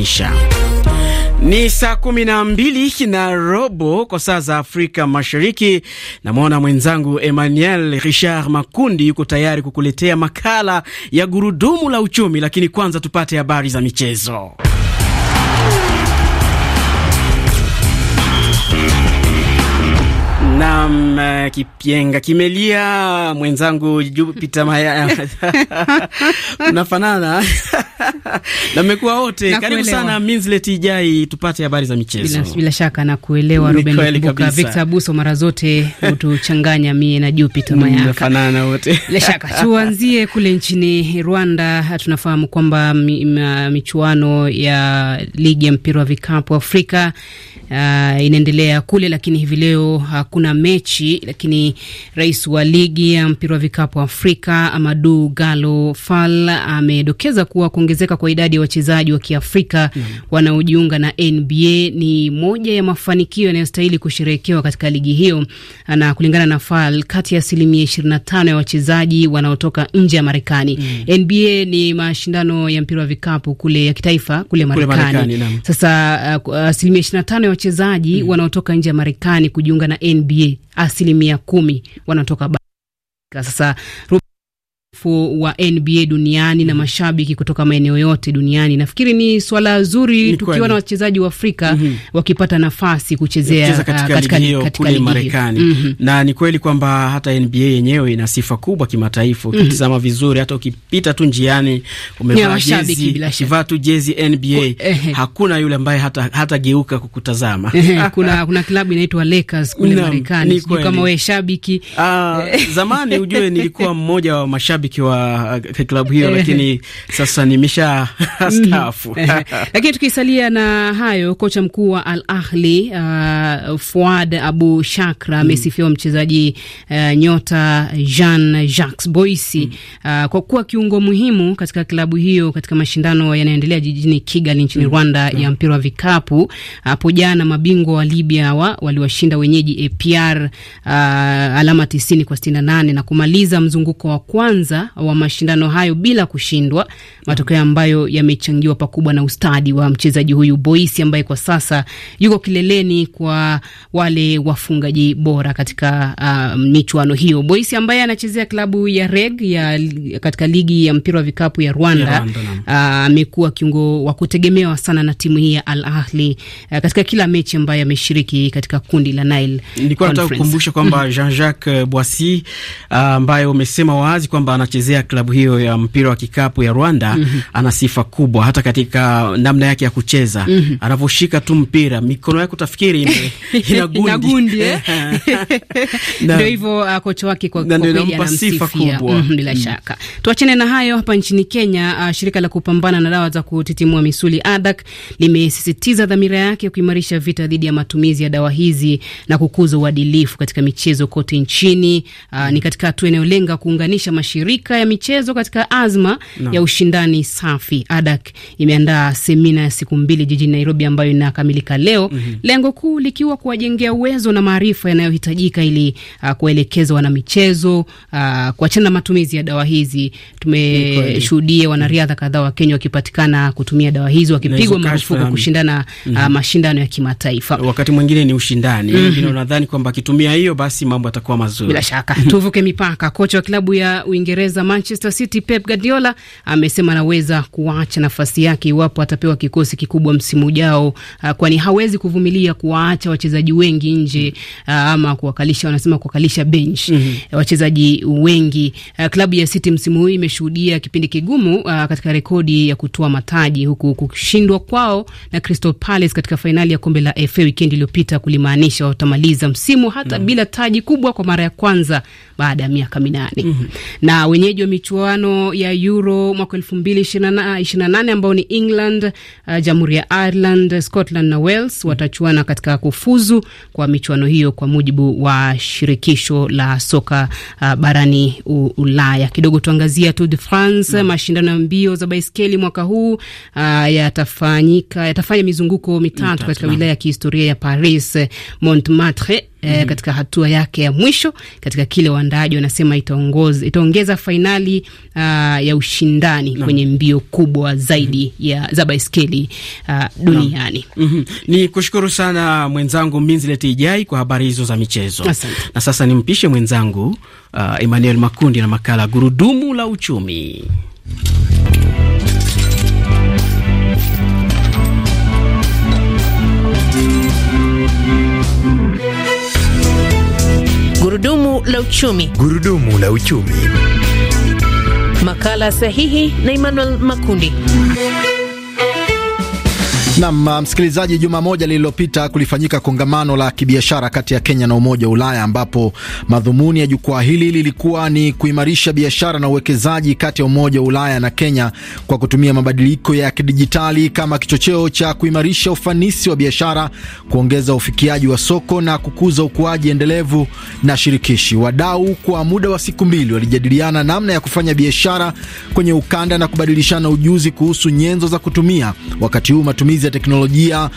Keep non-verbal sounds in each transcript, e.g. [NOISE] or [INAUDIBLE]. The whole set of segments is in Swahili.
kukaribisha. Ni saa kumi na mbili na robo kwa saa za Afrika Mashariki. Namwona mwenzangu Emmanuel Richard Makundi yuko tayari kukuletea makala ya gurudumu la uchumi, lakini kwanza tupate habari za michezo. Nam eh, kipyenga kimelia, mwenzangu Jupita Mayaya [LAUGHS] unafanana [LAUGHS] namekuwa wote na Karibu sana Minslet Ijai, tupate habari za michezo. Bila, bila shaka na kuelewa Ruben Victor Buso, mara zote hutuchanganya mie na Jupita Mayaya, [LAUGHS] tunafanana wote bila shaka. Tuanzie kule nchini Rwanda. Tunafahamu kwamba michuano ya ligi ya mpira wa vikapu Afrika uh, inaendelea kule, lakini hivi leo hakuna hakuna mechi, lakini rais wa ligi ya mpira wa vikapu Afrika Amadu Galo Fal amedokeza kuwa kuongezeka kwa idadi ya wachezaji wa Kiafrika mm, wanaojiunga na NBA ni moja ya mafanikio yanayostahili kusherehekewa katika ligi hiyo, na kulingana na Fal, kati ya asilimia 25 ya wachezaji wanaotoka nje ya Marekani mm. NBA ni mashindano ya mpira wa vikapu kule ya kitaifa kule Marekani. Sasa uh, asilimia uh, 25 ya wachezaji mm, wanaotoka nje ya Marekani kujiunga na NBA asilimia kumi wanatoka bara. Sasa maarufu wa NBA duniani mm. -hmm. na mhm. mashabiki kutoka maeneo yote duniani. Nafikiri ni swala zuri tukiwa na wachezaji wa Afrika mm -hmm. wakipata nafasi kuchezea katika, uh, katika, katika ligi hiyo kule Marekani mm -hmm. na ni kweli kwamba hata NBA yenyewe ina sifa kubwa kimataifa. mm -hmm. vizuri, hata ukipita tu njiani umevaa jezi, ukivaa tu jezi NBA eh, hakuna yule ambaye hata hata geuka kukutazama. [LAUGHS] kuna kuna klabu inaitwa Lakers kule Marekani, kama wewe shabiki. Aa, ah, [LAUGHS] zamani ujue nilikuwa mmoja wa mashabiki mshiriki wa klabu uh, hiyo lakini sasa nimesha mm-hmm. staafu. Lakini tukisalia na hayo, kocha mkuu wa Al Ahli uh, Fuad Abu Shakra mm. amesifiwa mm. mchezaji uh, nyota Jean Jacques Boisi mm. uh, kwa kuwa kiungo muhimu katika klabu hiyo katika mashindano yanayoendelea jijini Kigali nchini mm. Rwanda mm. ya mpira wa vikapu. Hapo jana mabingwa wa Libya hawa waliwashinda wenyeji APR uh, alama 90 kwa 68 na kumaliza mzunguko wa kwanza wa mashindano hayo bila kushindwa, matokeo ambayo yamechangiwa pakubwa na ustadi wa mchezaji huyu Boisi ambaye kwa sasa yuko kileleni kwa wale wafungaji bora katika uh, michuano hiyo. Boisi ambaye anachezea klabu ya Reg ya katika ligi ya mpira wa vikapu ya Rwanda uh, amekuwa uh, kiungo wa kutegemewa sana na timu hii ya Al Ahli uh, katika kila mechi ambayo ameshiriki katika kundi la Nile. Nilikuwa nataka kukumbusha kwamba [LAUGHS] Jean-Jacques Boissy uh, ambaye uh, umesema wazi kwamba anachezea klabu hiyo ya mpira wa kikapu ya Rwanda mm -hmm. ana sifa kubwa hata katika namna yake ya kucheza mm -hmm. anavyoshika tu mpira mikono yake utafikiri [LAUGHS] ina gundi eh? [LAUGHS] ndio hivyo uh, kocha wake kwa kweli anampa sifa kubwa mhm, bila mm. shaka. Tuachane na hayo. Hapa nchini Kenya, uh, shirika la kupambana na dawa za kutitimua misuli ADAK limesisitiza dhamira yake ya kuimarisha vita dhidi ya matumizi ya dawa hizi na kukuza uadilifu katika michezo kote nchini. Uh, ni katika hatua inayolenga kuunganisha mashirika Afrika ya michezo katika azma no. ya ushindani safi. ADAK imeandaa semina ya siku mbili jijini Nairobi ambayo inakamilika leo mm -hmm. lengo kuu likiwa kuwajengea uwezo na maarifa yanayohitajika ili uh, kuwaelekeza wanamichezo uh, kuachana na matumizi ya dawa hizi. Tumeshuhudia wanariadha kadhaa wa Kenya wakipatikana kutumia dawa hizi wakipigwa marufuku kushindana mm -hmm. uh, mhm. mashindano ya kimataifa. Wakati mwingine ni ushindani mm -hmm. unadhani kwamba akitumia hiyo basi mambo yatakuwa mazuri. Bila shaka tuvuke mipaka. Kocha wa klabu ya Uingereza Uingereza Manchester City, Pep Guardiola amesema anaweza kuacha nafasi yake iwapo atapewa kikosi kikubwa msimu ujao, uh, kwani hawezi kuvumilia kuwaacha wachezaji wengi nje uh, ama kuwakalisha, wanasema kuwakalisha bench mm -hmm. wachezaji wengi. Klabu ya City msimu huu imeshuhudia kipindi kigumu katika rekodi ya kutoa mataji, huku kushindwa kwao na Crystal Palace katika fainali ya kombe la FA wikendi iliyopita kulimaanisha watamaliza msimu hata mm -hmm. bila taji kubwa kwa mara ya kwanza baada ya miaka minane mm -hmm. na wenyeji wa michuano ya Euro mwaka elfu mbili ah, ishirini na nane ambao ni England, uh, jamhuri ya Ireland, Scotland na Wales watachuana katika kufuzu kwa michuano hiyo kwa mujibu wa shirikisho la soka uh, barani u, Ulaya. Kidogo tuangazia Tour de France mm. Mashindano ya mbio za baiskeli mwaka huu uh, yatafanyika yatafanya mizunguko mitatu Mita, katika wilaya ya kihistoria ya Paris eh, Montmartre, mm -hmm. eh, mm-hmm. katika hatua yake ya mwisho katika kile waandaaji wanasema itaongeza fainali uh, ya ushindani no. kwenye mbio kubwa zaidi mm -hmm. ya za baiskeli uh, duniani no. mm -hmm. Ni kushukuru sana mwenzangu Minzileti Ijai kwa habari hizo za michezo Asante. Na sasa nimpishe mwenzangu uh, Emmanuel Makundi na makala Gurudumu la Uchumi. Gurudumu la uchumi. Gurudumu la uchumi. Makala sahihi na Emmanuel Makundi. Nam uh, msikilizaji, juma moja lililopita kulifanyika kongamano la kibiashara kati ya Kenya na Umoja wa Ulaya, ambapo madhumuni ya jukwaa hili lilikuwa ni kuimarisha biashara na uwekezaji kati ya Umoja wa Ulaya na Kenya kwa kutumia mabadiliko ya kidijitali kama kichocheo cha kuimarisha ufanisi wa biashara, kuongeza ufikiaji wa soko na kukuza ukuaji endelevu na shirikishi. Wadau kwa muda wa siku mbili walijadiliana namna ya kufanya biashara kwenye ukanda na kubadilishana ujuzi kuhusu nyenzo za kutumia, wakati huu matumizi ya teknolojia,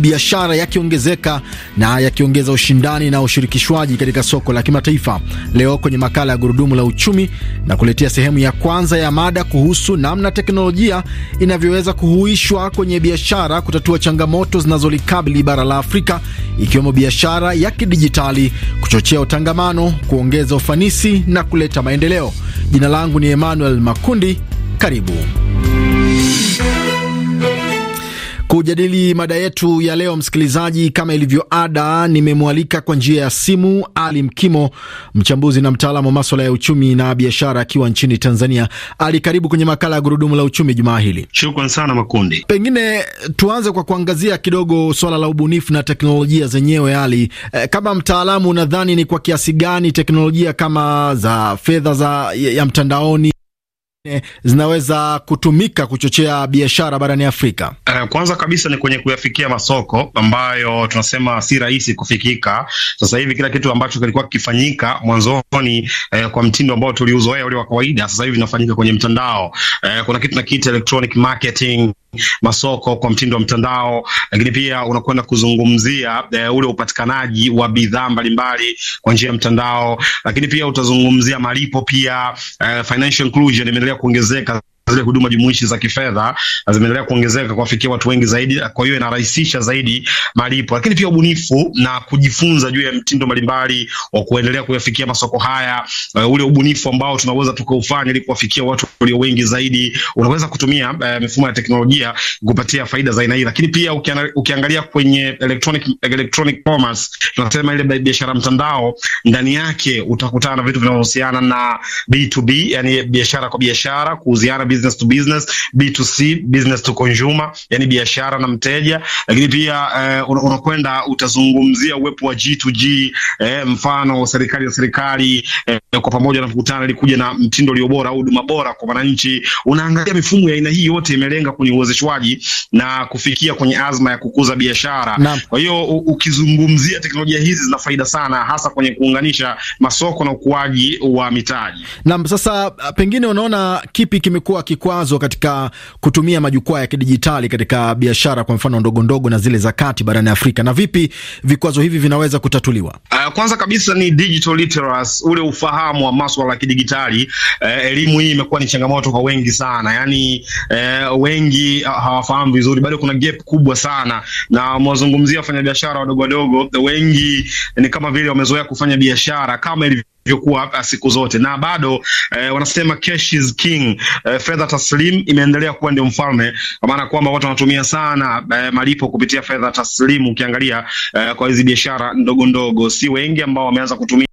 biashara yakiongezeka na yakiongeza ushindani na ushirikishwaji katika soko la kimataifa. Leo kwenye makala ya Gurudumu la Uchumi na kuletea sehemu ya kwanza ya mada kuhusu namna teknolojia inavyoweza kuhuishwa kwenye biashara kutatua changamoto zinazolikabili bara la Afrika, ikiwemo biashara ya kidijitali, kuchochea utangamano, kuongeza ufanisi na kuleta maendeleo. Jina langu ni Emmanuel Makundi. Karibu. Kujadili mada yetu ya leo, msikilizaji, kama ilivyo ada, nimemwalika kwa njia ya simu Ali Mkimo, mchambuzi na mtaalamu wa maswala ya uchumi na biashara, akiwa nchini Tanzania. Ali, karibu kwenye makala ya gurudumu la uchumi jumaa hili. Shukran sana Makundi. Pengine tuanze kwa kuangazia kidogo swala la ubunifu na teknolojia zenyewe. Ali, e, kama mtaalamu, unadhani ni kwa kiasi gani teknolojia kama za fedha za ya mtandaoni [LAUGHS] zinaweza kutumika kuchochea biashara barani Afrika? Eh, kwanza kabisa ni kwenye kuyafikia masoko ambayo tunasema si rahisi kufikika. Sasa hivi kila kitu ambacho kilikuwa kikifanyika mwanzoni eh, kwa mtindo ambao tuliuzoea ule wa kawaida, sasa hivi vinafanyika kwenye mtandao. Eh, kuna kitu nakiita electronic marketing masoko kwa mtindo wa mtandao, lakini pia unakwenda kuzungumzia e, ule upatikanaji wa bidhaa mbalimbali kwa njia ya mtandao, lakini pia utazungumzia malipo pia. E, financial inclusion imeendelea kuongezeka zile huduma jumuishi za kifedha zimeendelea kuongezeka kuwafikia watu wengi zaidi, kwa hiyo inarahisisha zaidi malipo, lakini pia ubunifu na kujifunza juu ya mtindo mbalimbali wa kuendelea kuyafikia masoko haya. Uh, ule ubunifu ambao tunaweza tukaufanya ili kuwafikia watu walio wengi zaidi, unaweza kutumia uh, mifumo ya teknolojia kupatia faida za aina hii, lakini pia ukiangalia kwenye electronic, electronic commerce tunasema ile biashara mtandao, ndani yake utakutana na vitu vinavyohusiana na B2B, yani biashara kwa biashara, kuuziana business to business, B2C, business to consumer, yani biashara na mteja, lakini pia eh, unakwenda utazungumzia uwepo wa G2G eh, mfano serikali na serikali eh, kwa pamoja wanakutana ili kuja na mtindo ulio bora au huduma bora kwa wananchi. Unaangalia mifumo ya aina hii yote imelenga kwenye uwezeshwaji na kufikia kwenye azma ya kukuza biashara. Kwa hiyo ukizungumzia teknolojia hizi zina faida sana, hasa kwenye kuunganisha masoko na ukuaji wa mitaji. Naam, sasa pengine unaona kipi kimekuwa kikwazo katika kutumia majukwaa ya kidijitali katika biashara kwa mfano ndogo ndogo na zile za kati barani Afrika, na vipi vikwazo hivi vinaweza kutatuliwa? Uh, kwanza kabisa ni digital literacy, ule ufahamu wa masuala ya kidijitali. Uh, elimu hii imekuwa ni changamoto kwa wengi sana, yani uh, eh, wengi hawafahamu vizuri, bado kuna gap kubwa sana, na mwazungumzia wafanyabiashara wadogo wadogo, wengi ni kama vile wamezoea kufanya biashara kama ilivyo ilivyokuwa siku zote na bado eh, wanasema cash is king. Eh, fedha taslim imeendelea kuwa ndio mfalme, kwa maana kwamba watu wanatumia sana eh, malipo kupitia fedha taslim Ukiangalia eh, kwa hizi biashara ndogo ndogo, si wengi ambao wameanza kutumia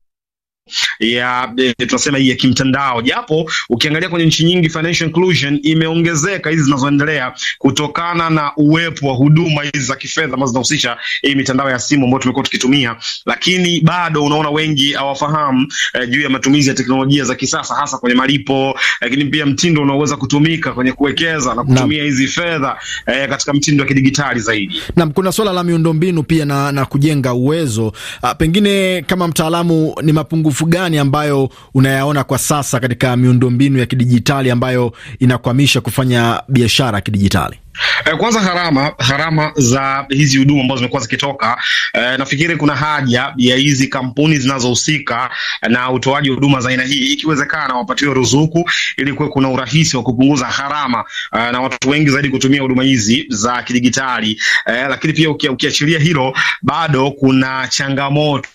ya e, tunasema hii ya kimtandao, japo ukiangalia kwenye nchi nyingi financial inclusion imeongezeka hizi zinazoendelea kutokana na uwepo wa huduma hizi za kifedha ambazo zinahusisha hii e, mitandao ya simu ambayo tumekuwa tukitumia, lakini bado unaona wengi hawafahamu e, juu ya matumizi ya teknolojia za kisasa hasa kwenye malipo, lakini pia mtindo unaoweza kutumika kwenye kuwekeza na kutumia hizi fedha e, katika mtindo wa kidigitali zaidi. Naam, kuna swala la miundombinu pia na, na kujenga uwezo. A, ah, pengine kama mtaalamu ni mapungufu gani gani ambayo unayaona kwa sasa katika miundombinu ya kidijitali ambayo inakwamisha kufanya biashara ya kidijitali? Eh, kwanza gharama gharama za hizi huduma ambazo zimekuwa zikitoka. E, nafikiri kuna haja ya hizi kampuni zinazohusika na utoaji huduma za aina hii, ikiwezekana wapatiwe ruzuku ili kuwe kuna urahisi wa kupunguza gharama e, na watu wengi zaidi kutumia huduma hizi za kidigitali e, lakini pia ukiachilia hilo bado kuna changamoto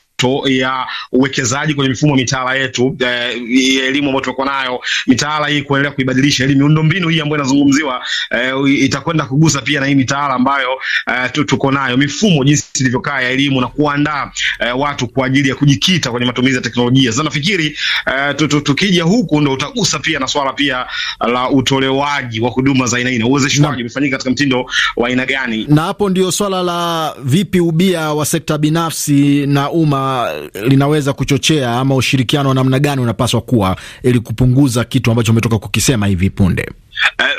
ya uwekezaji kwenye mifumo ya mitaala yetu eh, elimu ambayo tunakuwa nayo mitaala hii kuendelea kuibadilisha elimu miundombinu hii ambayo inazungumziwa eh, itakwenda kugusa pia na hii mitaala ambayo eh, tuko nayo mifumo jinsi ilivyokaa ya elimu na kuandaa eh, watu kwa ajili ya kujikita kwenye matumizi ya teknolojia. Sasa nafikiri eh, tukija huku ndo utagusa pia na swala pia la utolewaji wa huduma za aina hii, uwezeshwaji umefanyika katika mtindo wa aina gani, na hapo ndio swala la vipi ubia wa sekta binafsi na umma linaweza kuchochea ama ushirikiano wa namna gani unapaswa kuwa ili kupunguza kitu ambacho umetoka kukisema hivi punde?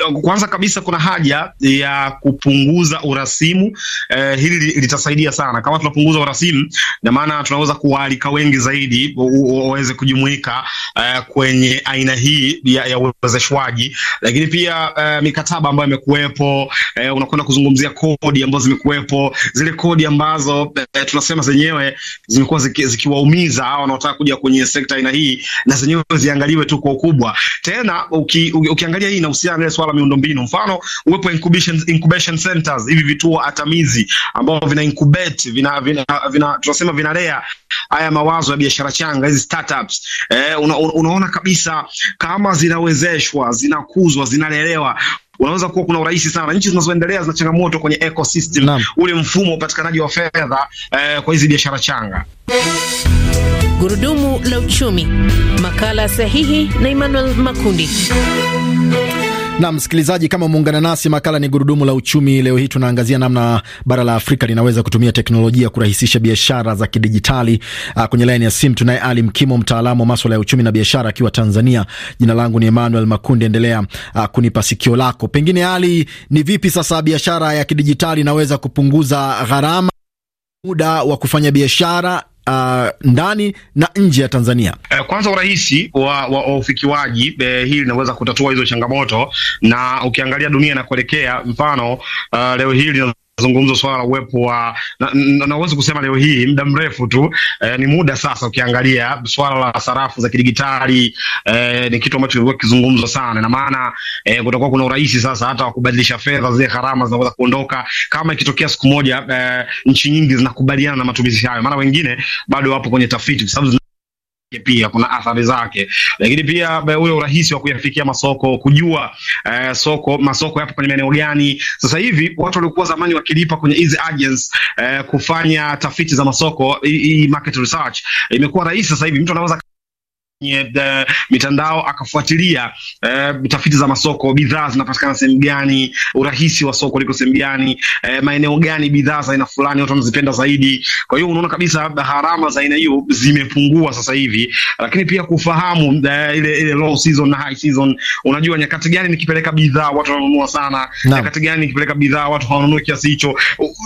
Uh, kwanza kabisa kuna haja ya kupunguza urasimu. Uh, hili litasaidia sana kama tunapunguza urasimu, na maana tunaweza kuwaalika wengi zaidi waweze kujumuika uh, kwenye aina hii ya, ya uwezeshwaji. Lakini pia uh, mikataba ambayo imekuwepo, uh, unakwenda kuzungumzia kodi ambazo zimekuwepo, zile kodi ambazo uh, tunasema zenyewe zimekuwa zikiwaumiza ziki wanaotaka kuja kwenye sekta aina hii, na zenyewe ziangaliwe tu kwa ukubwa. Tena uki, uki, ukiangalia hii usi kuhusiana na swala miundombinu, mfano uwepo incubation, incubation centers, hivi vituo atamizi ambao vina incubate vina, vina, vina tunasema vinalea haya mawazo ya biashara changa hizi startups eh, una, unaona kabisa kama zinawezeshwa, zinakuzwa, zinalelewa unaweza kuwa kuna urahisi sana. Nchi zinazoendelea zina changamoto kwenye ecosystem Nam. ule mfumo wa upatikanaji wa fedha eh, kwa hizi biashara changa. Gurudumu la uchumi, makala sahihi na Emmanuel Makundi. Na msikilizaji, kama umeungana nasi, makala ni gurudumu la uchumi. Leo hii tunaangazia namna bara la Afrika linaweza kutumia teknolojia kurahisisha biashara za kidijitali. Ah, kwenye laini ya simu tunaye Ali Mkimo, mtaalamu wa maswala ya uchumi na biashara, akiwa Tanzania. Jina langu ni Emmanuel Makundi, endelea ah, kunipa sikio lako. Pengine Ali, ni vipi sasa biashara ya kidijitali inaweza kupunguza gharama, muda wa kufanya biashara uh, ndani na nje ya Tanzania? Eh, kwanza urahisi wa, wa, wa ufikiwaji eh, hii linaweza kutatua hizo changamoto, na ukiangalia dunia inakuelekea, mfano uh, leo hili zungumzo swala la uwepo wa na kusema leo hii muda mrefu tu eh, ni muda sasa. Ukiangalia swala la sarafu za kidigitali eh, ni kitu ambacho kilikuwa kizungumzwa sana, na maana eh, kutakuwa kuna urahisi sasa hata wa kubadilisha fedha, zile gharama zinaweza kuondoka kama ikitokea siku moja eh, nchi nyingi zinakubaliana na matumizi hayo, maana wengine bado wapo kwenye tafiti kwa sababu pia kuna athari zake, lakini pia ule urahisi wa kuyafikia masoko, kujua eh, soko masoko yapo kwenye maeneo gani. Sasa hivi watu walikuwa zamani wakilipa kwenye hizi agents eh, kufanya tafiti za masoko, hii market research imekuwa rahisi sasa hivi, mtu anaweza kwenye eh, mitandao akafuatilia e, eh, tafiti za masoko, bidhaa zinapatikana sehemu gani, urahisi wa soko liko sehemu gani, e, maeneo gani bidhaa za aina fulani watu wanazipenda zaidi. Kwa hiyo unaona kabisa gharama za aina hiyo zimepungua sasa hivi, lakini pia kufahamu e, ile ile low season na high season, unajua nyakati gani nikipeleka bidhaa watu wanunua sana na, nyakati gani nikipeleka bidhaa watu hawanunui kiasi hicho,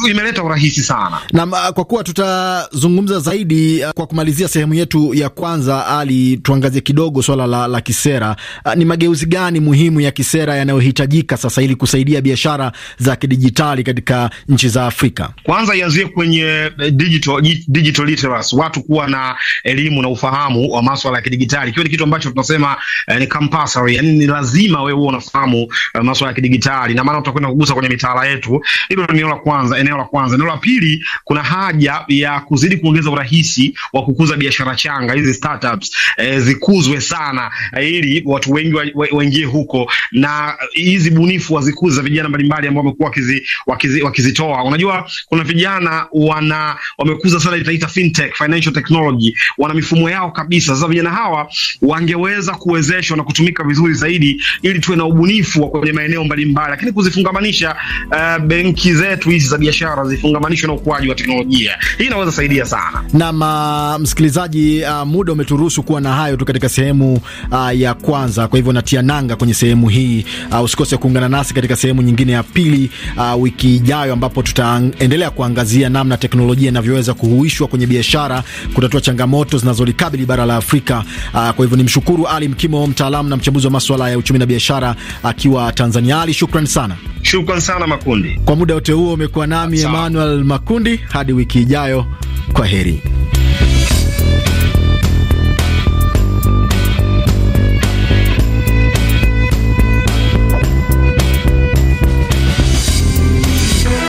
imeleta urahisi sana. Na kwa kuwa tutazungumza zaidi kwa kumalizia sehemu yetu ya kwanza ali tuangazie kidogo swala la, la kisera. Ah, ni mageuzi gani muhimu ya kisera yanayohitajika sasa ili kusaidia biashara za kidijitali katika nchi za Afrika? Kwanza ianzie kwenye eh, digital, digital literacy, watu kuwa na elimu na ufahamu wa maswala ya kidijitali, ikiwa ni kitu ambacho tunasema eh, ni compulsory, yani ni lazima wewe uwe unafahamu eh, maswala ya kidijitali, na maana utakwenda kugusa kwenye mitaala yetu. Hilo ni eneo la kwanza, eneo la kwanza. Eneo la pili, kuna haja ya kuzidi kuongeza urahisi wa kukuza biashara changa hizi startups eh, eh, zikuzwe sana eh, ili watu wengi waingie huko, na hizi bunifu wazikuze za vijana mbalimbali ambao wamekuwa wakizi, wakizi, wakizitoa. Unajua kuna vijana wana wamekuza sana itaita fintech financial technology, wana mifumo yao kabisa. Sasa vijana hawa wangeweza kuwezeshwa na kutumika vizuri zaidi, ili tuwe na ubunifu kwenye maeneo mbalimbali, lakini kuzifungamanisha uh, benki zetu hizi za biashara zifungamanishwe na ukuaji wa teknolojia, hii inaweza saidia sana. Na ah, msikilizaji, uh, muda umeturuhusu kuwa na hayo tu katika sehemu uh, ya kwanza. Kwa hivyo natia nanga kwenye sehemu hii. Uh, usikose kuungana nasi katika sehemu nyingine ya pili uh, wiki ijayo, ambapo tutaendelea kuangazia namna teknolojia inavyoweza kuhuishwa kwenye biashara, kutatua changamoto zinazolikabili bara la Afrika. Uh, kwa hivyo nimshukuru Ali Mkimo, mtaalamu na mchambuzi wa masuala ya uchumi na biashara akiwa Tanzania. Ali, shukran sana. Shukran sana Makundi. Kwa muda wote huo umekuwa nami Emmanuel Makundi, hadi wiki ijayo, kwa heri.